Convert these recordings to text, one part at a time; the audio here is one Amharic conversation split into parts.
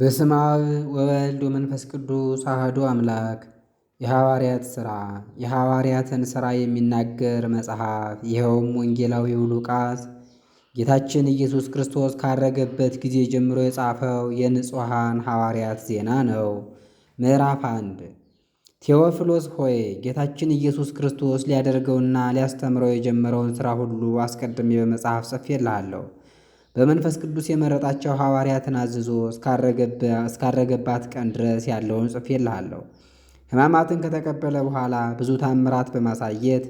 በስመ አብ ወወልድ ወመንፈስ ቅዱስ አህዱ አምላክ። የሐዋርያት ሥራ የሐዋርያትን ሥራ የሚናገር መጽሐፍ። ይኸውም ወንጌላዊው ሉቃስ ጌታችን ኢየሱስ ክርስቶስ ካረገበት ጊዜ ጀምሮ የጻፈው የንጹሐን ሐዋርያት ዜና ነው። ምዕራፍ አንድ ቴዎፍሎስ ሆይ ጌታችን ኢየሱስ ክርስቶስ ሊያደርገውና ሊያስተምረው የጀመረውን ሥራ ሁሉ አስቀድሜ በመጽሐፍ ጽፌልሃለሁ። በመንፈስ ቅዱስ የመረጣቸው ሐዋርያትን አዝዞ እስካረገባት ቀን ድረስ ያለውን ጽፌልሃለሁ። ሕማማትን ከተቀበለ በኋላ ብዙ ታምራት በማሳየት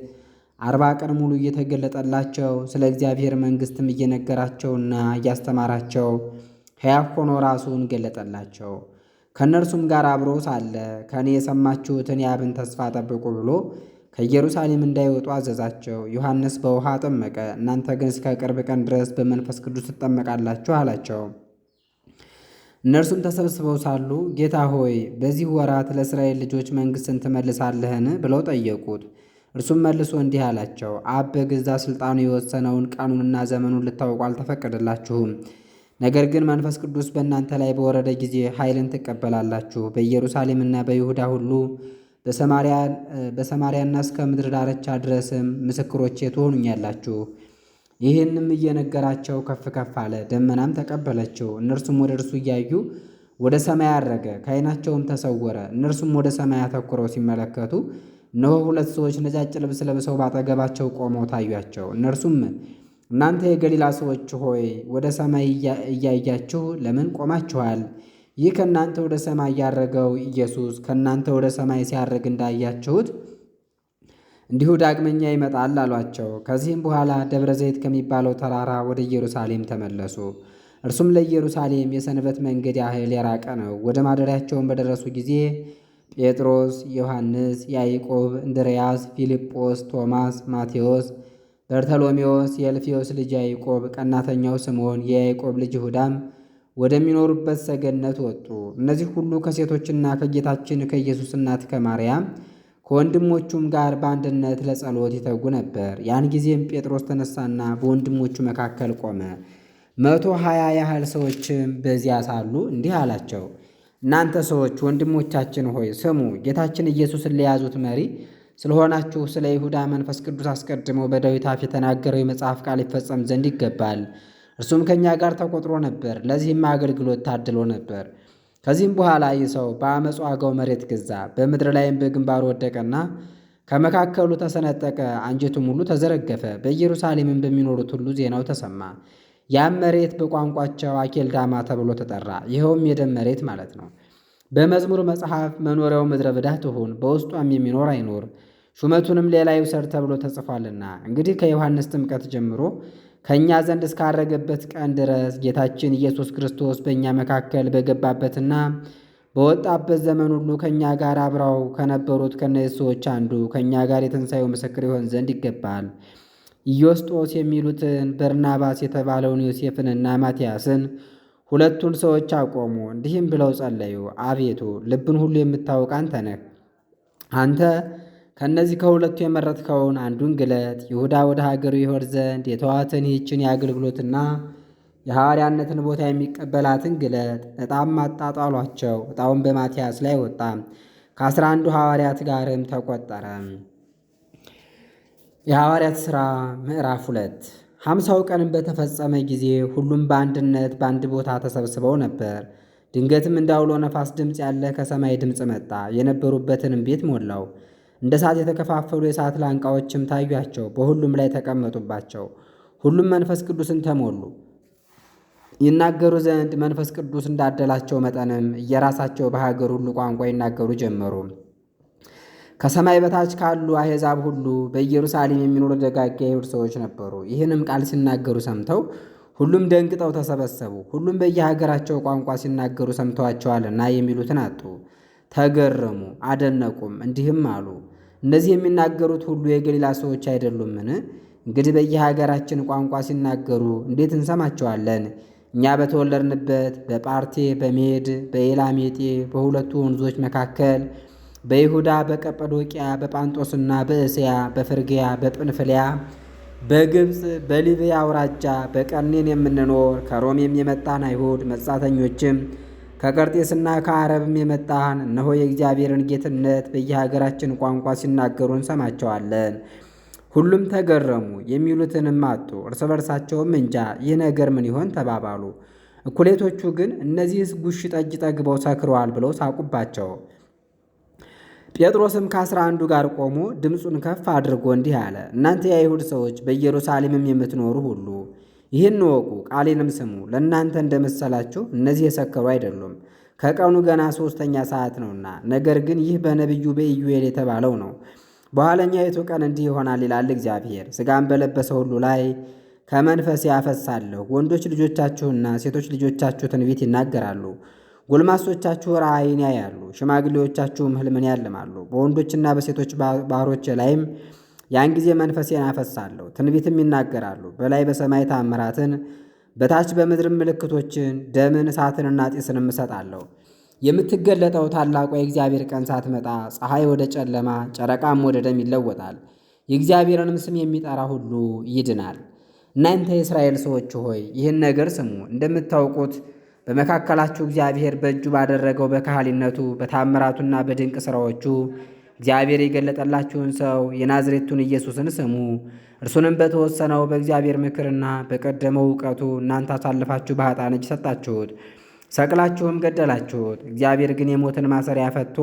አርባ ቀን ሙሉ እየተገለጠላቸው ስለ እግዚአብሔር መንግሥትም እየነገራቸውና እያስተማራቸው ሕያው ሆኖ ራሱን ገለጠላቸው። ከእነርሱም ጋር አብሮ ሳለ ከእኔ የሰማችሁትን የአብን ተስፋ ጠብቁ ብሎ ከኢየሩሳሌም እንዳይወጡ አዘዛቸው። ዮሐንስ በውሃ አጠመቀ፣ እናንተ ግን እስከ ቅርብ ቀን ድረስ በመንፈስ ቅዱስ ትጠመቃላችሁ አላቸው። እነርሱም ተሰብስበው ሳሉ ጌታ ሆይ በዚህ ወራት ለእስራኤል ልጆች መንግሥትን ትመልሳለህን? ብለው ጠየቁት። እርሱም መልሶ እንዲህ አላቸው፣ አብ በገዛ ሥልጣኑ የወሰነውን ቀኑንና ዘመኑን ልታውቁ አልተፈቀደላችሁም። ነገር ግን መንፈስ ቅዱስ በእናንተ ላይ በወረደ ጊዜ ኃይልን ትቀበላላችሁ። በኢየሩሳሌምና በይሁዳ ሁሉ በሰማርያና እስከ ምድር ዳርቻ ድረስም ምስክሮቼ ትሆኑኛላችሁ። ይህንም እየነገራቸው ከፍ ከፍ አለ፣ ደመናም ተቀበለችው። እነርሱም ወደ እርሱ እያዩ ወደ ሰማይ አረገ፣ ከዓይናቸውም ተሰወረ። እነርሱም ወደ ሰማይ አተኩረው ሲመለከቱ እነሆ ሁለት ሰዎች ነጫጭ ልብስ ለብሰው ባጠገባቸው ቆመው ታዩአቸው። እነርሱም እናንተ የገሊላ ሰዎች ሆይ ወደ ሰማይ እያያችሁ ለምን ቆማችኋል? ይህ ከእናንተ ወደ ሰማይ ያረገው ኢየሱስ ከእናንተ ወደ ሰማይ ሲያደርግ እንዳያችሁት እንዲሁ ዳግመኛ ይመጣል አሏቸው። ከዚህም በኋላ ደብረ ዘይት ከሚባለው ተራራ ወደ ኢየሩሳሌም ተመለሱ። እርሱም ለኢየሩሳሌም የሰንበት መንገድ ያህል የራቀ ነው። ወደ ማደሪያቸውን በደረሱ ጊዜ ጴጥሮስ፣ ዮሐንስ፣ ያዕቆብ፣ እንድርያስ፣ ፊልጶስ፣ ቶማስ፣ ማቴዎስ፣ በርተሎሜዎስ፣ የእልፌዎስ ልጅ ያዕቆብ፣ ቀናተኛው ስምዖን፣ የያዕቆብ ልጅ ይሁዳም ወደሚኖሩበት ሰገነት ወጡ። እነዚህ ሁሉ ከሴቶችና ከጌታችን ከኢየሱስ እናት ከማርያም ከወንድሞቹም ጋር በአንድነት ለጸሎት ይተጉ ነበር። ያን ጊዜም ጴጥሮስ ተነሳና በወንድሞቹ መካከል ቆመ። መቶ ሀያ ያህል ሰዎችም በዚያ ሳሉ እንዲህ አላቸው፣ እናንተ ሰዎች ወንድሞቻችን ሆይ ስሙ። ጌታችን ኢየሱስን ለያዙት መሪ ስለሆናችሁ ስለ ይሁዳ መንፈስ ቅዱስ አስቀድሞ በዳዊት አፍ የተናገረው የመጽሐፍ ቃል ይፈጸም ዘንድ ይገባል። እርሱም ከእኛ ጋር ተቆጥሮ ነበር። ለዚህም አገልግሎት ታድሎ ነበር። ከዚህም በኋላ ይህ ሰው በአመፁ ዋጋው መሬት ገዛ። በምድር ላይም በግንባሩ ወደቀና ከመካከሉ ተሰነጠቀ፣ አንጀቱም ሁሉ ተዘረገፈ። በኢየሩሳሌምም በሚኖሩት ሁሉ ዜናው ተሰማ። ያም መሬት በቋንቋቸው አኬልዳማ ተብሎ ተጠራ። ይኸውም የደም መሬት ማለት ነው። በመዝሙር መጽሐፍ መኖሪያው ምድረ በዳ ትሁን፣ በውስጧም የሚኖር አይኖር፣ ሹመቱንም ሌላ ይውሰድ ተብሎ ተጽፏልና። እንግዲህ ከዮሐንስ ጥምቀት ጀምሮ ከእኛ ዘንድ እስካረገበት ቀን ድረስ ጌታችን ኢየሱስ ክርስቶስ በእኛ መካከል በገባበትና በወጣበት ዘመን ሁሉ ከእኛ ጋር አብረው ከነበሩት ከነዚህ ሰዎች አንዱ ከእኛ ጋር የትንሣኤው ምስክር ይሆን ዘንድ ይገባል። ኢዮስጦስ የሚሉትን በርናባስ የተባለውን ዮሴፍንና ማትያስን ሁለቱን ሰዎች አቆሙ። እንዲህም ብለው ጸለዩ። አቤቱ ልብን ሁሉ የምታውቅ አንተ ነህ። አንተ ከእነዚህ ከሁለቱ የመረጥከውን አንዱን ግለጥ። ይሁዳ ወደ ሀገሩ ይሆድ ዘንድ የተዋትን ይህችን የአገልግሎትና የሐዋርያነትን ቦታ የሚቀበላትን ግለጥ። ዕጣም አጣጣሏቸው። ዕጣውን በማትያስ ላይ ወጣ፣ ከአስራ አንዱ ሐዋርያት ጋርም ተቆጠረ። የሐዋርያት ሥራ ምዕራፍ ሁለት ሀምሳው ቀንም በተፈጸመ ጊዜ ሁሉም በአንድነት በአንድ ቦታ ተሰብስበው ነበር። ድንገትም እንዳውሎ ነፋስ ድምፅ ያለ ከሰማይ ድምፅ መጣ፣ የነበሩበትንም ቤት ሞላው። እንደ እሳት የተከፋፈሉ የእሳት ላንቃዎችም ታዩአቸው፣ በሁሉም ላይ ተቀመጡባቸው። ሁሉም መንፈስ ቅዱስን ተሞሉ፣ ይናገሩ ዘንድ መንፈስ ቅዱስ እንዳደላቸው መጠንም እየራሳቸው በሀገር ሁሉ ቋንቋ ይናገሩ ጀመሩ። ከሰማይ በታች ካሉ አሕዛብ ሁሉ በኢየሩሳሌም የሚኖሩ ደጋግ አይሁድ ሰዎች ነበሩ። ይህንም ቃል ሲናገሩ ሰምተው ሁሉም ደንግጠው ተሰበሰቡ። ሁሉም በየሀገራቸው ቋንቋ ሲናገሩ ሰምተዋቸዋልና የሚሉትን አጡ። ተገረሙ፣ አደነቁም፣ እንዲህም አሉ እነዚህ የሚናገሩት ሁሉ የገሊላ ሰዎች አይደሉምን? እንግዲህ በየሀገራችን ቋንቋ ሲናገሩ እንዴት እንሰማቸዋለን? እኛ በተወለድንበት በጳርቴ፣ በሜድ፣ በኤላሜጤ በሁለቱ ወንዞች መካከል በይሁዳ፣ በቀጰዶቅያ፣ በጳንጦስና በእስያ፣ በፍርግያ፣ በጵንፍልያ፣ በግብፅ፣ በሊቢያ አውራጃ በቀርኔን የምንኖር ከሮም የመጣን አይሁድ መጻተኞችም ከቀርጤስና ከአረብም የመጣን እነሆ የእግዚአብሔርን ጌትነት በየሀገራችን ቋንቋ ሲናገሩ እንሰማቸዋለን። ሁሉም ተገረሙ፣ የሚሉትንም አጡ። እርስ በርሳቸውም እንጃ ይህ ነገር ምን ይሆን ተባባሉ። እኩሌቶቹ ግን እነዚህስ ጉሽ ጠጅ ጠግበው ሰክረዋል ብለው ሳቁባቸው። ጴጥሮስም ከአስራ አንዱ ጋር ቆሞ ድምፁን ከፍ አድርጎ እንዲህ አለ፣ እናንተ የአይሁድ ሰዎች በኢየሩሳሌምም የምትኖሩ ሁሉ ይህን እወቁ፣ ቃሌንም ስሙ። ለእናንተ እንደመሰላችሁ እነዚህ የሰከሩ አይደሉም፣ ከቀኑ ገና ሦስተኛ ሰዓት ነውና። ነገር ግን ይህ በነቢዩ በኢዩኤል የተባለው ነው። በኋለኛይቱ ቀን እንዲህ ይሆናል ይላል እግዚአብሔር፣ ሥጋን በለበሰ ሁሉ ላይ ከመንፈስ ያፈሳለሁ። ወንዶች ልጆቻችሁና ሴቶች ልጆቻችሁ ትንቢት ይናገራሉ፣ ጎልማሶቻችሁ ራእይን ያያሉ፣ ሽማግሌዎቻችሁም ሕልምን ያልማሉ። በወንዶችና በሴቶች ባሮች ላይም ያን ጊዜ መንፈሴን አፈሳለሁ፣ ትንቢትም ይናገራሉ። በላይ በሰማይ ታምራትን፣ በታች በምድር ምልክቶችን፣ ደምን፣ እሳትንና ጢስንም እሰጣለሁ። የምትገለጠው ታላቋ የእግዚአብሔር ቀን ሳትመጣ ፀሐይ ወደ ጨለማ፣ ጨረቃም ወደ ደም ይለወጣል። የእግዚአብሔርንም ስም የሚጠራ ሁሉ ይድናል። እናንተ የእስራኤል ሰዎች ሆይ ይህን ነገር ስሙ። እንደምታውቁት በመካከላችሁ እግዚአብሔር በእጁ ባደረገው በካህሊነቱ በታምራቱና በድንቅ ሥራዎቹ እግዚአብሔር የገለጠላችሁን ሰው የናዝሬቱን ኢየሱስን ስሙ። እርሱንም በተወሰነው በእግዚአብሔር ምክርና በቀደመው እውቀቱ እናንተ አሳልፋችሁ በኃጥኣን እጅ ሰጣችሁት፣ ሰቅላችሁም ገደላችሁት። እግዚአብሔር ግን የሞትን ማሰሪያ ፈቶ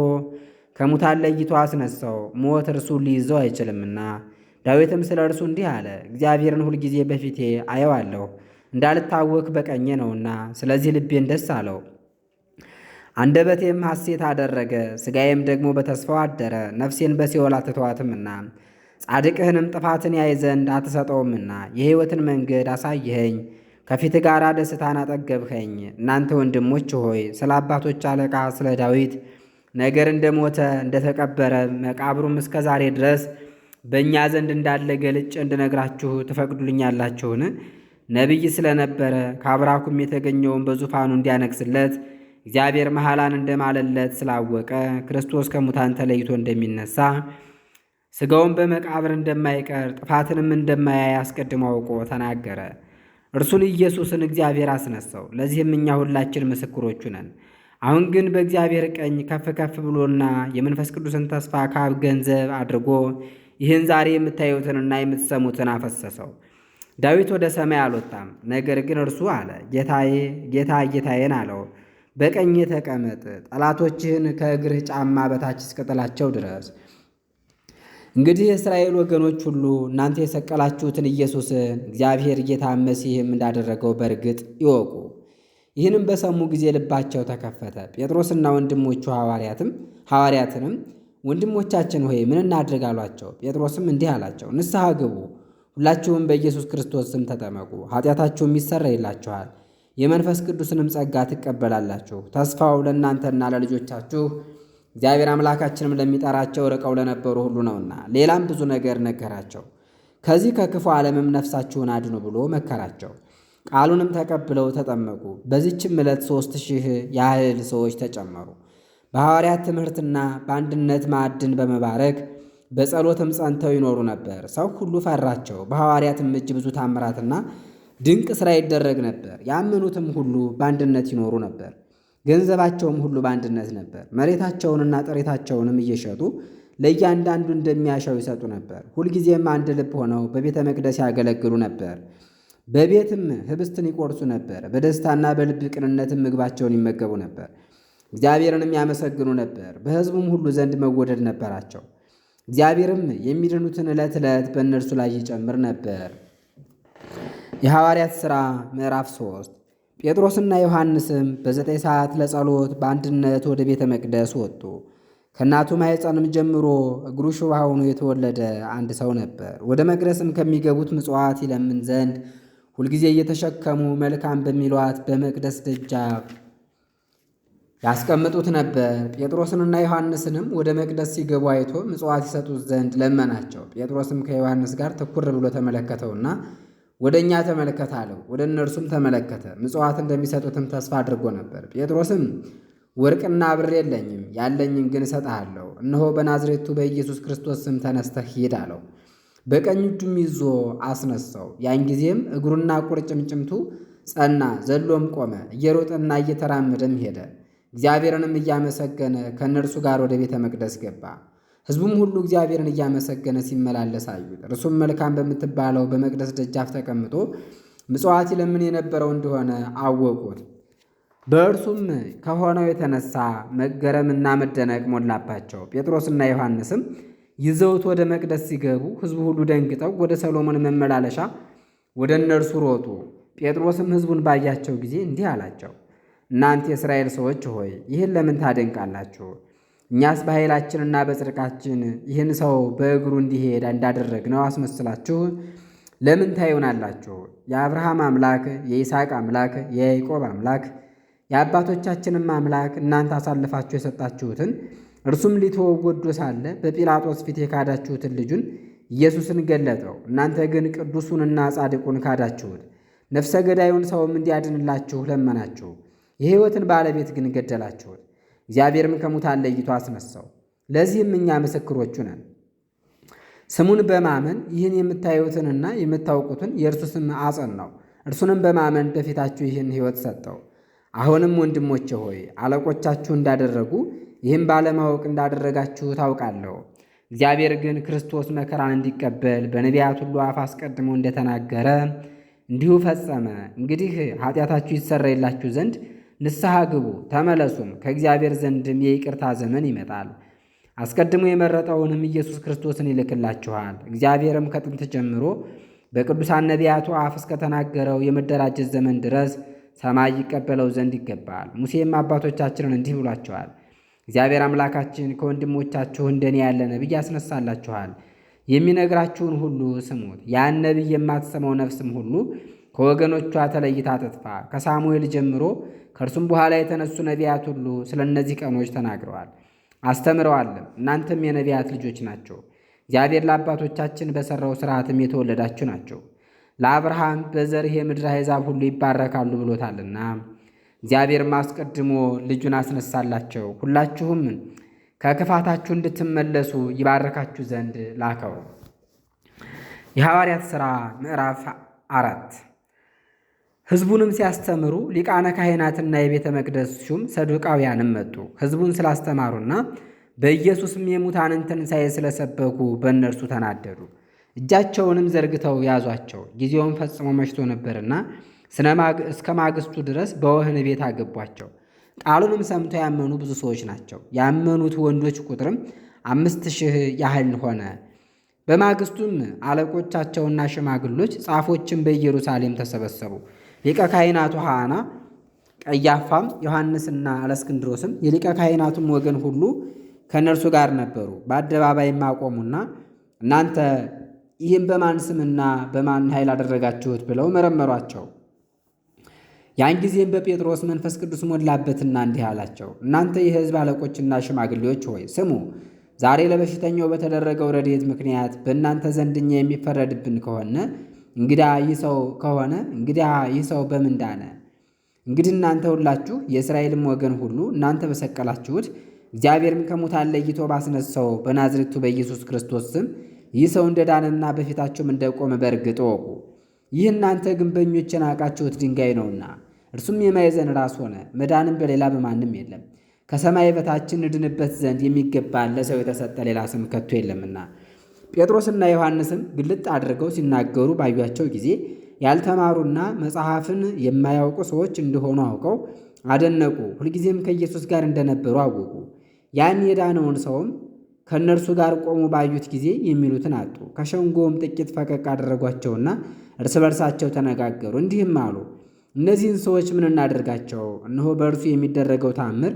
ከሙታን ለይቶ አስነሳው፣ ሞት እርሱን ሊይዘው አይችልምና። ዳዊትም ስለ እርሱ እንዲህ አለ፣ እግዚአብሔርን ሁልጊዜ በፊቴ አየዋለሁ፣ እንዳልታወክ በቀኜ ነውና፣ ስለዚህ ልቤን ደስ አለው። አንደበቴም ሐሴት አደረገ፣ ሥጋዬም ደግሞ በተስፋው አደረ። ነፍሴን በሲኦል አትተዋትምና ጻድቅህንም ጥፋትን ያይ ዘንድ አትሰጠውምና የሕይወትን መንገድ አሳየኸኝ፣ ከፊት ጋር ደስታን አጠገብኸኝ። እናንተ ወንድሞች ሆይ ስለ አባቶች አለቃ ስለ ዳዊት ነገር እንደሞተ እንደተቀበረ መቃብሩም እስከ ዛሬ ድረስ በእኛ ዘንድ እንዳለ ገልጭ እንድነግራችሁ ትፈቅዱልኛላችሁን? ነቢይ ስለነበረ ከአብራኩም የተገኘውን በዙፋኑ እንዲያነግስለት እግዚአብሔር መሐላን እንደማለለት ስላወቀ ክርስቶስ ከሙታን ተለይቶ እንደሚነሳ ሥጋውን በመቃብር እንደማይቀር ጥፋትንም እንደማያይ አስቀድሞ አውቆ ተናገረ። እርሱን ኢየሱስን እግዚአብሔር አስነሳው። ለዚህም እኛ ሁላችን ምስክሮቹ ነን። አሁን ግን በእግዚአብሔር ቀኝ ከፍ ከፍ ብሎና የመንፈስ ቅዱስን ተስፋ ከአብ ገንዘብ አድርጎ ይህን ዛሬ የምታዩትንና የምትሰሙትን አፈሰሰው። ዳዊት ወደ ሰማይ አልወጣም፣ ነገር ግን እርሱ አለ ጌታዬ ጌታ ጌታዬን አለው በቀኝ ተቀመጥ፣ ጠላቶችህን ከእግርህ ጫማ በታች እስቅጥላቸው ድረስ። እንግዲህ የእስራኤል ወገኖች ሁሉ እናንተ የሰቀላችሁትን ኢየሱስን እግዚአብሔር ጌታ መሲህም እንዳደረገው በእርግጥ ይወቁ። ይህንም በሰሙ ጊዜ ልባቸው ተከፈተ። ጴጥሮስና ወንድሞቹ ሐዋርያትም ሐዋርያትንም ወንድሞቻችን ሆይ ምን እናድርግ አሏቸው። ጴጥሮስም እንዲህ አላቸው፣ ንስሐ ግቡ፣ ሁላችሁም በኢየሱስ ክርስቶስ ስም ተጠመቁ፣ ኃጢአታችሁም ይሰረይላችኋል የመንፈስ ቅዱስንም ጸጋ ትቀበላላችሁ። ተስፋው ለእናንተና ለልጆቻችሁ እግዚአብሔር አምላካችንም ለሚጠራቸው ርቀው ለነበሩ ሁሉ ነውና። ሌላም ብዙ ነገር ነገራቸው። ከዚህ ከክፉ ዓለምም ነፍሳችሁን አድኑ ብሎ መከራቸው። ቃሉንም ተቀብለው ተጠመቁ። በዚችም ዕለት ሦስት ሺህ ያህል ሰዎች ተጨመሩ። በሐዋርያት ትምህርትና በአንድነት ማዕድን በመባረክ በጸሎትም ጸንተው ይኖሩ ነበር። ሰው ሁሉ ፈራቸው። በሐዋርያትም እጅ ብዙ ታምራትና ድንቅ ሥራ ይደረግ ነበር። ያመኑትም ሁሉ በአንድነት ይኖሩ ነበር። ገንዘባቸውም ሁሉ በአንድነት ነበር። መሬታቸውንና ጥሪታቸውንም እየሸጡ ለእያንዳንዱ እንደሚያሻው ይሰጡ ነበር። ሁልጊዜም አንድ ልብ ሆነው በቤተ መቅደስ ያገለግሉ ነበር። በቤትም ህብስትን ይቆርሱ ነበር። በደስታና በልብ ቅንነትም ምግባቸውን ይመገቡ ነበር። እግዚአብሔርንም ያመሰግኑ ነበር። በሕዝቡም ሁሉ ዘንድ መወደድ ነበራቸው። እግዚአብሔርም የሚድኑትን ዕለት ዕለት በእነርሱ ላይ ይጨምር ነበር። የሐዋርያት ሥራ ምዕራፍ 3 ጴጥሮስና ዮሐንስም በዘጠኝ ሰዓት ለጸሎት በአንድነት ወደ ቤተ መቅደስ ወጡ። ከእናቱ ማኅፀንም ጀምሮ እግሩ ሽባ ሆኖ የተወለደ አንድ ሰው ነበር። ወደ መቅደስም ከሚገቡት ምጽዋት ይለምን ዘንድ ሁልጊዜ እየተሸከሙ መልካም በሚሏት በመቅደስ ደጃፍ ያስቀምጡት ነበር። ጴጥሮስንና ዮሐንስንም ወደ መቅደስ ሲገቡ አይቶ ምጽዋት ይሰጡት ዘንድ ለመናቸው። ጴጥሮስም ከዮሐንስ ጋር ትኩር ብሎ ተመለከተውና ወደ እኛ ተመለከተ አለው። ወደ እነርሱም ተመለከተ፣ ምጽዋት እንደሚሰጡትም ተስፋ አድርጎ ነበር። ጴጥሮስም ወርቅና ብር የለኝም፣ ያለኝን ግን እሰጥሃለሁ። እነሆ በናዝሬቱ በኢየሱስ ክርስቶስ ስም ተነስተህ ሂድ አለው። በቀኝ እጁም ይዞ አስነሳው። ያን ጊዜም እግሩና ቁርጭምጭምቱ ጸና፣ ዘሎም ቆመ፣ እየሮጠና እየተራመደም ሄደ። እግዚአብሔርንም እያመሰገነ ከእነርሱ ጋር ወደ ቤተ መቅደስ ገባ። ሕዝቡም ሁሉ እግዚአብሔርን እያመሰገነ ሲመላለስ አዩት። እርሱም መልካም በምትባለው በመቅደስ ደጃፍ ተቀምጦ ምጽዋት ይለምን የነበረው እንደሆነ አወቁት። በእርሱም ከሆነው የተነሳ መገረምና መደነቅ ሞላባቸው። ጴጥሮስና ዮሐንስም ይዘውት ወደ መቅደስ ሲገቡ ሕዝቡ ሁሉ ደንግጠው ወደ ሰሎሞን መመላለሻ ወደ እነርሱ ሮጡ። ጴጥሮስም ሕዝቡን ባያቸው ጊዜ እንዲህ አላቸው፣ እናንተ የእስራኤል ሰዎች ሆይ ይህን ለምን ታደንቃላችሁ? እኛስ በኃይላችንና በጽድቃችን ይህን ሰው በእግሩ እንዲሄድ እንዳደረግነው አስመስላችሁ ለምን ታዩናላችሁ? የአብርሃም አምላክ የይስሐቅ አምላክ የያዕቆብ አምላክ የአባቶቻችንም አምላክ እናንተ አሳልፋችሁ የሰጣችሁትን እርሱም ሊተወው ወዶ ሳለ በጲላጦስ ፊት የካዳችሁትን ልጁን ኢየሱስን ገለጠው። እናንተ ግን ቅዱሱንና ጻድቁን ካዳችሁት፣ ነፍሰ ገዳዩን ሰውም እንዲያድንላችሁ ለመናችሁ፣ የሕይወትን ባለቤት ግን ገደላችሁት። እግዚአብሔርም ከሙታን ለይቶ አስነሳው። ለዚህም እኛ ምስክሮቹ ነን። ስሙን በማመን ይህን የምታዩትንና የምታውቁትን የእርሱ ስም ነው። እርሱንም በማመን በፊታችሁ ይህን ሕይወት ሰጠው። አሁንም ወንድሞቼ ሆይ አለቆቻችሁ እንዳደረጉ ይህም ባለማወቅ እንዳደረጋችሁ ታውቃለሁ። እግዚአብሔር ግን ክርስቶስ መከራን እንዲቀበል በነቢያት ሁሉ አፍ አስቀድሞ እንደተናገረ እንዲሁ ፈጸመ። እንግዲህ ኃጢአታችሁ ይሰረይላችሁ ዘንድ ንስሐ ግቡ ተመለሱም፣ ከእግዚአብሔር ዘንድም የይቅርታ ዘመን ይመጣል። አስቀድሞ የመረጠውንም ኢየሱስ ክርስቶስን ይልክላችኋል። እግዚአብሔርም ከጥንት ጀምሮ በቅዱሳን ነቢያቱ አፍ እስከተናገረው የመደራጀት ዘመን ድረስ ሰማይ ይቀበለው ዘንድ ይገባል። ሙሴም አባቶቻችንን እንዲህ ብሏቸዋል። እግዚአብሔር አምላካችን ከወንድሞቻችሁ እንደኔ ያለ ነቢይ ያስነሳላችኋል። የሚነግራችሁን ሁሉ ስሙት። ያን ነቢይ የማትሰማው ነፍስም ሁሉ ከወገኖቿ ተለይታ ትጥፋ። ከሳሙኤል ጀምሮ ከእርሱም በኋላ የተነሱ ነቢያት ሁሉ ስለ እነዚህ ቀኖች ተናግረዋል አስተምረዋልም። እናንተም የነቢያት ልጆች ናቸው። እግዚአብሔር ለአባቶቻችን በሠራው ሥርዓትም የተወለዳችሁ ናቸው። ለአብርሃም በዘርህ የምድር አሕዛብ ሁሉ ይባረካሉ ብሎታልና እግዚአብሔርም አስቀድሞ ልጁን አስነሳላቸው። ሁላችሁም ከክፋታችሁ እንድትመለሱ ይባረካችሁ ዘንድ ላከው። የሐዋርያት ሥራ ምዕራፍ አራት ሕዝቡንም ሲያስተምሩ ሊቃነ ካህናትና የቤተ መቅደስ ሹም ሰዱቃውያንም መጡ። ሕዝቡን ስላስተማሩና በኢየሱስም የሙታንን ትንሣኤ ስለሰበኩ በእነርሱ ተናደዱ። እጃቸውንም ዘርግተው ያዟቸው። ጊዜውን ፈጽሞ መሽቶ ነበርና እስከ ማግስቱ ድረስ በወህን ቤት አገቧቸው። ቃሉንም ሰምተው ያመኑ ብዙ ሰዎች ናቸው። ያመኑት ወንዶች ቁጥርም አምስት ሺህ ያህል ሆነ። በማግስቱም አለቆቻቸውና ሽማግሎች ጻፎችን በኢየሩሳሌም ተሰበሰቡ። ሊቀ ካህናቱ ሐና ቀያፋም ዮሐንስና አለስክንድሮስም የሊቀ ካህናቱም ወገን ሁሉ ከእነርሱ ጋር ነበሩ። በአደባባይ ማቆሙና እናንተ ይህም በማን ስምና በማን ኃይል አደረጋችሁት ብለው መረመሯቸው። ያን ጊዜም በጴጥሮስ መንፈስ ቅዱስ ሞላበትና እንዲህ አላቸው፣ እናንተ የሕዝብ አለቆችና ሽማግሌዎች ሆይ ስሙ። ዛሬ ለበሽተኛው በተደረገው ረድኤት ምክንያት በእናንተ ዘንድ የሚፈረድብን ከሆነ እንግዳ ይህ ሰው ከሆነ እንግዳ ይህ ሰው በምን ዳነ? እንግዲህ እናንተ ሁላችሁ የእስራኤልም ወገን ሁሉ እናንተ በሰቀላችሁት እግዚአብሔርም ከሙታን ለይቶ ባስነሳው በናዝሬቱ በኢየሱስ ክርስቶስ ስም ይህ ሰው እንደዳነና በፊታችሁም እንደቆመ በእርግጥ ወቁ። ይህ እናንተ ግንበኞች የናቃችሁት ድንጋይ ነውና እርሱም የማዕዘን ራስ ሆነ። መዳንም በሌላ በማንም የለም፣ ከሰማይ በታችን እድንበት ዘንድ የሚገባን ለሰው የተሰጠ ሌላ ስም ከቶ የለምና ጴጥሮስና ዮሐንስም ግልጥ አድርገው ሲናገሩ ባዩቸው ጊዜ ያልተማሩና መጽሐፍን የማያውቁ ሰዎች እንደሆኑ አውቀው አደነቁ። ሁልጊዜም ከኢየሱስ ጋር እንደነበሩ አወቁ። ያን የዳነውን ሰውም ከእነርሱ ጋር ቆሙ ባዩት ጊዜ የሚሉትን አጡ። ከሸንጎውም ጥቂት ፈቀቅ አደረጓቸውና እርስ በርሳቸው ተነጋገሩ፣ እንዲህም አሉ። እነዚህን ሰዎች ምን እናደርጋቸው? እነሆ በእርሱ የሚደረገው ታምር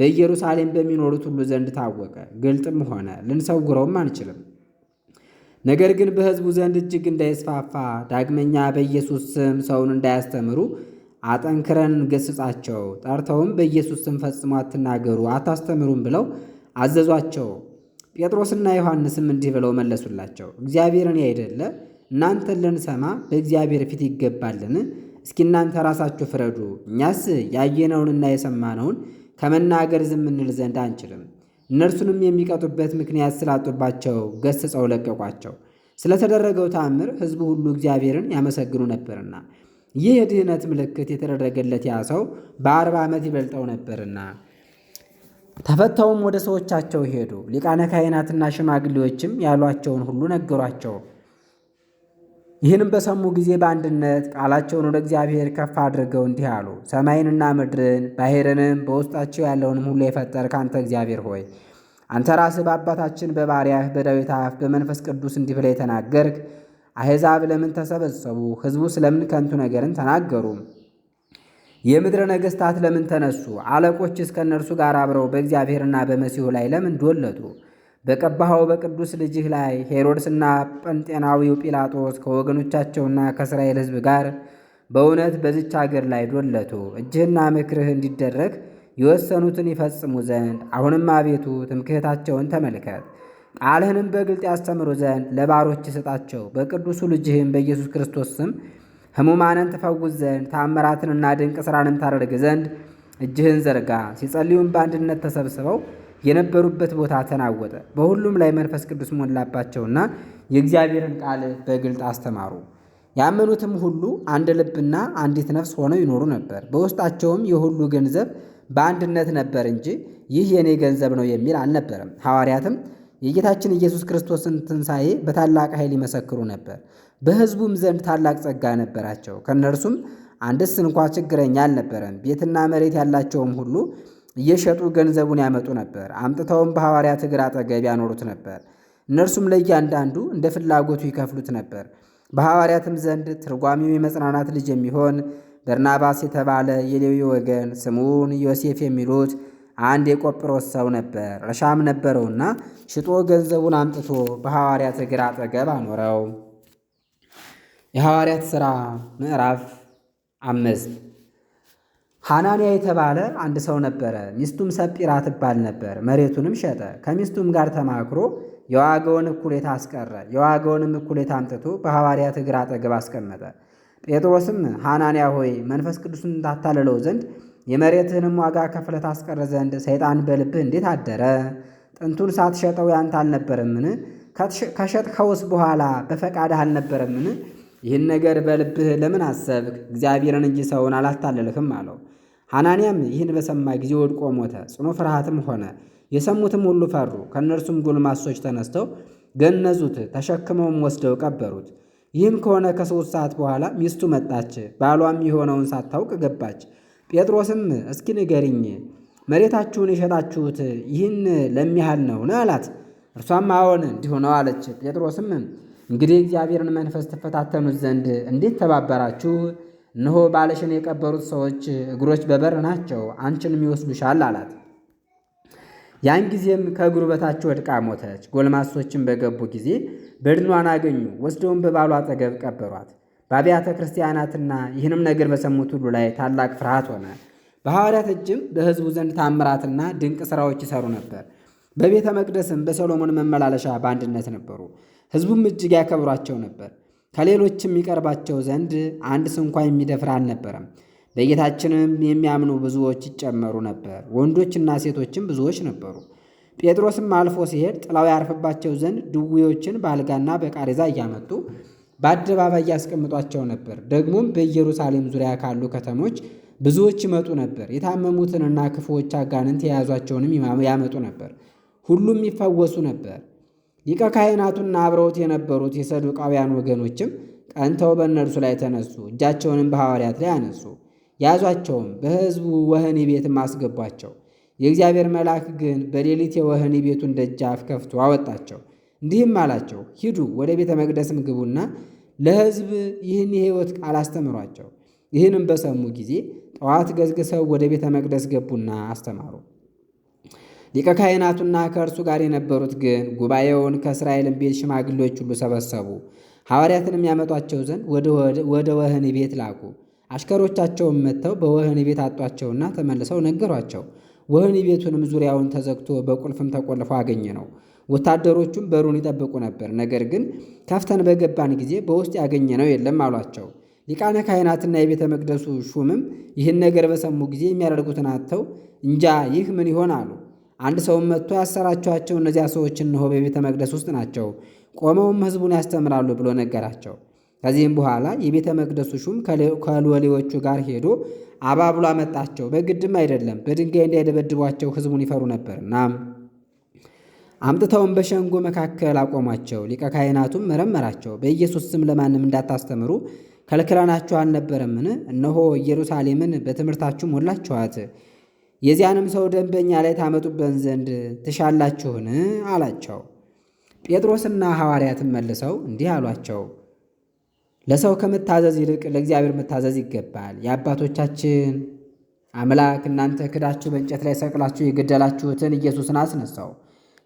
በኢየሩሳሌም በሚኖሩት ሁሉ ዘንድ ታወቀ፣ ግልጥም ሆነ፣ ልንሰውረውም አንችልም። ነገር ግን በሕዝቡ ዘንድ እጅግ እንዳይስፋፋ ዳግመኛ በኢየሱስ ስም ሰውን እንዳያስተምሩ አጠንክረን ገስጻቸው። ጠርተውም በኢየሱስ ስም ፈጽሞ አትናገሩ፣ አታስተምሩም ብለው አዘዟቸው። ጴጥሮስና ዮሐንስም እንዲህ ብለው መለሱላቸው፣ እግዚአብሔርን ያይደለ እናንተን ልንሰማ በእግዚአብሔር ፊት ይገባልን? እስኪ እናንተ ራሳችሁ ፍረዱ። እኛስ ያየነውንና የሰማነውን ከመናገር ዝም እንል ዘንድ አንችልም። እነርሱንም የሚቀጡበት ምክንያት ስላጡባቸው ገስጸው ለቀቋቸው። ስለተደረገው ተአምር ሕዝቡ ሁሉ እግዚአብሔርን ያመሰግኑ ነበርና ይህ የድህነት ምልክት የተደረገለት ያ ሰው በአርባ ዓመት ይበልጠው ነበርና። ተፈተውም ወደ ሰዎቻቸው ሄዱ። ሊቃነ ካህናትና ሽማግሌዎችም ያሏቸውን ሁሉ ነገሯቸው። ይህንም በሰሙ ጊዜ በአንድነት ቃላቸውን ወደ እግዚአብሔር ከፍ አድርገው እንዲህ አሉ። ሰማይንና ምድርን ባሕርንም በውስጣቸው ያለውንም ሁሉ የፈጠርክ አንተ እግዚአብሔር ሆይ አንተ ራስህ በአባታችን በባሪያህ በዳዊት አፍ በመንፈስ ቅዱስ እንዲህ ብለህ የተናገርክ አሕዛብ ለምን ተሰበሰቡ? ሕዝቡ ስለምን ከንቱ ነገርን ተናገሩ? የምድረ ነገሥታት ለምን ተነሱ? አለቆች እስከ እነርሱ ጋር አብረው በእግዚአብሔርና በመሲሁ ላይ ለምን ዶለቱ? በቀባኸው በቅዱስ ልጅህ ላይ ሄሮድስና ጴንጤናዊው ጲላጦስ ከወገኖቻቸውና ከእስራኤል ሕዝብ ጋር በእውነት በዚች አገር ላይ ዶለቱ። እጅህና ምክርህ እንዲደረግ የወሰኑትን ይፈጽሙ ዘንድ አሁንም አቤቱ ትምክህታቸውን ተመልከት፣ ቃልህንም በግልጥ ያስተምሩ ዘንድ ለባሮች ይሰጣቸው። በቅዱሱ ልጅህም በኢየሱስ ክርስቶስ ስም ህሙማንን ትፈውስ ዘንድ ታምራትንና ድንቅ ሥራንም ታደርግ ዘንድ እጅህን ዘርጋ። ሲጸልዩም በአንድነት ተሰብስበው የነበሩበት ቦታ ተናወጠ። በሁሉም ላይ መንፈስ ቅዱስ ሞላባቸውና የእግዚአብሔርን ቃል በግልጥ አስተማሩ። ያመኑትም ሁሉ አንድ ልብና አንዲት ነፍስ ሆነው ይኖሩ ነበር። በውስጣቸውም የሁሉ ገንዘብ በአንድነት ነበር እንጂ ይህ የኔ ገንዘብ ነው የሚል አልነበረም። ሐዋርያትም የጌታችን ኢየሱስ ክርስቶስን ትንሣኤ በታላቅ ኃይል ይመሰክሩ ነበር። በሕዝቡም ዘንድ ታላቅ ጸጋ ነበራቸው። ከእነርሱም አንድስ እንኳ ችግረኛ አልነበረም። ቤትና መሬት ያላቸውም ሁሉ እየሸጡ ገንዘቡን ያመጡ ነበር። አምጥተውም በሐዋርያት እግር አጠገብ ያኖሩት ነበር። እነርሱም ለእያንዳንዱ እንደ ፍላጎቱ ይከፍሉት ነበር። በሐዋርያትም ዘንድ ትርጓሚው የመጽናናት ልጅ የሚሆን በርናባስ የተባለ የሌዊ ወገን ስሙን ዮሴፍ የሚሉት አንድ የቆጵሮስ ሰው ነበር። እርሻም ነበረውና ሽጦ ገንዘቡን አምጥቶ በሐዋርያት እግር አጠገብ አኖረው። የሐዋርያት ሥራ ምዕራፍ አምስት ሐናንያ የተባለ አንድ ሰው ነበረ። ሚስቱም ሰጲራ ትባል ነበር። መሬቱንም ሸጠ። ከሚስቱም ጋር ተማክሮ የዋጋውን እኩሌታ አስቀረ። የዋጋውንም እኩሌታ አምጥቶ በሐዋርያት እግር አጠገብ አስቀመጠ። ጴጥሮስም ሐናንያ ሆይ መንፈስ ቅዱስን ታታልለው ዘንድ የመሬትህንም ዋጋ ከፍለ ታስቀረ ዘንድ ሰይጣን በልብህ እንዴት አደረ? ጥንቱን ሳትሸጠው ያንተ አልነበረምን? ከሸጥከውስ በኋላ በፈቃድህ አልነበረምን? ይህን ነገር በልብህ ለምን አሰብክ? እግዚአብሔርን እንጂ ሰውን አላታለልህም አለው። ሐናንያም ይህን በሰማ ጊዜ ወድቆ ሞተ። ጽኑ ፍርሃትም ሆነ። የሰሙትም ሁሉ ፈሩ። ከእነርሱም ጎልማሶች ተነስተው ገነዙት፣ ተሸክመውም ወስደው ቀበሩት። ይህም ከሆነ ከሶስት ሰዓት በኋላ ሚስቱ መጣች። ባሏም የሆነውን ሳታውቅ ገባች። ጴጥሮስም እስኪ ንገሪኝ፣ መሬታችሁን የሸጣችሁት ይህን ለሚያህል ነውን? አላት። እርሷም አዎን እንዲሁ ነው አለች። ጴጥሮስም እንግዲህ እግዚአብሔርን መንፈስ ትፈታተኑት ዘንድ እንዴት ተባበራችሁ? እነሆ ባልሽን የቀበሩት ሰዎች እግሮች በበር ናቸው፣ አንቺንም ይወስዱሻል አላት። ያን ጊዜም ከእግሩ በታች ወድቃ ሞተች። ጎልማሶችን በገቡ ጊዜ በድኗን አገኙ፣ ወስደውም በባሉ አጠገብ ቀበሯት። በአብያተ ክርስቲያናትና ይህንም ነገር በሰሙት ሁሉ ላይ ታላቅ ፍርሃት ሆነ። በሐዋርያት እጅም በሕዝቡ ዘንድ ታምራትና ድንቅ ሥራዎች ይሰሩ ነበር። በቤተ መቅደስም በሰሎሞን መመላለሻ በአንድነት ነበሩ። ሕዝቡም እጅግ ያከብሯቸው ነበር። ከሌሎችም ይቀርባቸው ዘንድ አንድ ስንኳ የሚደፍር አልነበረም። በጌታችንም የሚያምኑ ብዙዎች ይጨመሩ ነበር፣ ወንዶችና ሴቶችም ብዙዎች ነበሩ። ጴጥሮስም አልፎ ሲሄድ ጥላው ያርፍባቸው ዘንድ ድዌዎችን በአልጋና በቃሬዛ እያመጡ በአደባባይ ያስቀምጧቸው ነበር። ደግሞም በኢየሩሳሌም ዙሪያ ካሉ ከተሞች ብዙዎች ይመጡ ነበር። የታመሙትንና ክፉዎች አጋንንት የያዟቸውንም ያመጡ ነበር። ሁሉም ይፈወሱ ነበር። ሊቀ ካህናቱና አብረውት የነበሩት የሰዱቃውያን ወገኖችም ቀንተው በእነርሱ ላይ ተነሱ። እጃቸውንም በሐዋርያት ላይ አነሱ። ያዟቸውም፣ በሕዝቡ ወህኒ ቤትም አስገቧቸው። የእግዚአብሔር መልአክ ግን በሌሊት የወህኒ ቤቱን ደጃፍ ከፍቶ አወጣቸው። እንዲህም አላቸው፣ ሂዱ ወደ ቤተ መቅደስም ግቡና ለሕዝብ ይህን የሕይወት ቃል አስተምሯቸው። ይህንም በሰሙ ጊዜ ጠዋት ገዝግሰው ወደ ቤተ መቅደስ ገቡና አስተማሩ። ሊቀ ካህናቱና ከእርሱ ጋር የነበሩት ግን ጉባኤውን ከእስራኤልም ቤት ሽማግሌዎች ሁሉ ሰበሰቡ። ሐዋርያትንም ያመጧቸው ዘንድ ወደ ወህኒ ቤት ላኩ። አሽከሮቻቸውም መጥተው በወህኒ ቤት አጧቸውና ተመልሰው ነገሯቸው። ወህኒ ቤቱንም ዙሪያውን ተዘግቶ በቁልፍም ተቆልፎ አገኘ ነው። ወታደሮቹም በሩን ይጠብቁ ነበር። ነገር ግን ከፍተን በገባን ጊዜ በውስጥ ያገኘ ነው የለም አሏቸው። ሊቃነ ካህናትና የቤተ መቅደሱ ሹምም ይህን ነገር በሰሙ ጊዜ የሚያደርጉትን አጥተው እንጃ ይህ ምን ይሆን አሉ። አንድ ሰውም መጥቶ ያሰራችኋቸው እነዚያ ሰዎች እንሆ በቤተ መቅደስ ውስጥ ናቸው፣ ቆመውም ሕዝቡን ያስተምራሉ ብሎ ነገራቸው። ከዚህም በኋላ የቤተ መቅደሱ ሹም ከሎሌዎቹ ጋር ሄዶ አባብሎ አመጣቸው። በግድም አይደለም፣ በድንጋይ እንዳይደበድቧቸው ሕዝቡን ይፈሩ ነበርና። አምጥተውም በሸንጎ መካከል አቆሟቸው። ሊቀ ካህናቱም መረመራቸው። በኢየሱስ ስም ለማንም እንዳታስተምሩ ከልክለናችሁ አልነበረምን? እነሆ ኢየሩሳሌምን በትምህርታችሁ ሞላችኋት። የዚያንም ሰው ደም በእኛ ላይ ታመጡበን ዘንድ ትሻላችሁን? አላቸው። ጴጥሮስና ሐዋርያትም መልሰው እንዲህ አሏቸው፣ ለሰው ከመታዘዝ ይልቅ ለእግዚአብሔር መታዘዝ ይገባል። የአባቶቻችን አምላክ እናንተ ክዳችሁ በእንጨት ላይ ሰቅላችሁ የገደላችሁትን ኢየሱስን አስነሳው።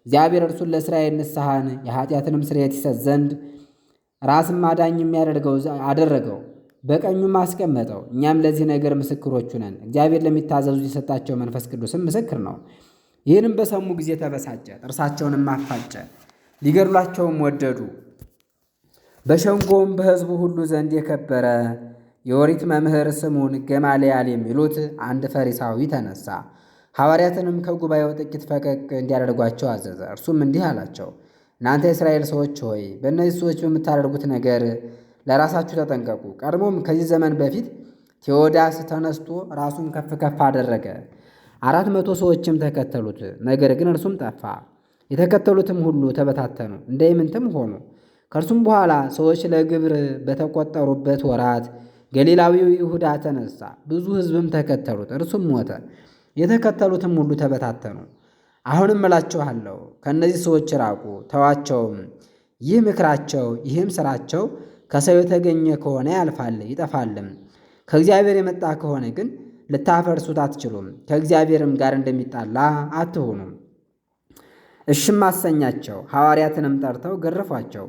እግዚአብሔር እርሱን ለእስራኤል ንስሐን የኃጢአትንም ስርየት ይሰጥ ዘንድ ራስም አዳኝ የሚያደርገው አደረገው። በቀኙም አስቀመጠው። እኛም ለዚህ ነገር ምስክሮቹ ነን። እግዚአብሔር ለሚታዘዙ የሰጣቸው መንፈስ ቅዱስም ምስክር ነው። ይህንም በሰሙ ጊዜ ተበሳጨ፣ ጥርሳቸውንም አፋጨ። ሊገድሏቸውም ወደዱ። በሸንጎም በሕዝቡ ሁሉ ዘንድ የከበረ የኦሪት መምህር ስሙን ገማልያል የሚሉት አንድ ፈሪሳዊ ተነሳ። ሐዋርያትንም ከጉባኤው ጥቂት ፈቀቅ እንዲያደርጓቸው አዘዘ። እርሱም እንዲህ አላቸው፣ እናንተ የእስራኤል ሰዎች ሆይ በእነዚህ ሰዎች በምታደርጉት ነገር ለራሳችሁ ተጠንቀቁ። ቀድሞም ከዚህ ዘመን በፊት ቴዎዳስ ተነስቶ ራሱን ከፍ ከፍ አደረገ፣ አራት መቶ ሰዎችም ተከተሉት። ነገር ግን እርሱም ጠፋ፣ የተከተሉትም ሁሉ ተበታተኑ፣ እንደምንትም ሆኑ። ከእርሱም በኋላ ሰዎች ለግብር በተቆጠሩበት ወራት ገሊላዊው ይሁዳ ተነሳ፣ ብዙ ሕዝብም ተከተሉት። እርሱም ሞተ፣ የተከተሉትም ሁሉ ተበታተኑ። አሁንም እላችኋለሁ ከእነዚህ ሰዎች ራቁ፣ ተዋቸውም። ይህ ምክራቸው ይህም ስራቸው። ከሰው የተገኘ ከሆነ ያልፋል ይጠፋልም። ከእግዚአብሔር የመጣ ከሆነ ግን ልታፈርሱት አትችሉም፣ ከእግዚአብሔርም ጋር እንደሚጣላ አትሆኑም። እሽም አሰኛቸው፣ ሐዋርያትንም ጠርተው ገረፏቸው።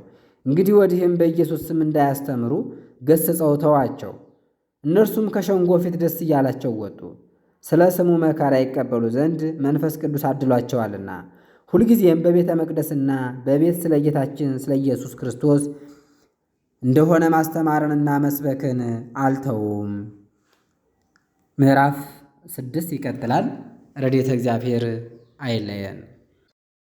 እንግዲህ ወዲህም በኢየሱስ ስም እንዳያስተምሩ ገሥጸው ተዋቸው። እነርሱም ከሸንጎ ፊት ደስ እያላቸው ወጡ፣ ስለ ስሙ መከራ ይቀበሉ ዘንድ መንፈስ ቅዱስ አድሏቸዋልና። ሁልጊዜም በቤተ መቅደስና በቤት ስለ ጌታችን ስለ ኢየሱስ ክርስቶስ እንደሆነ ማስተማርንና መስበክን አልተውም። ምዕራፍ ስድስት ይቀጥላል። ረድኤተ እግዚአብሔር አይለየን።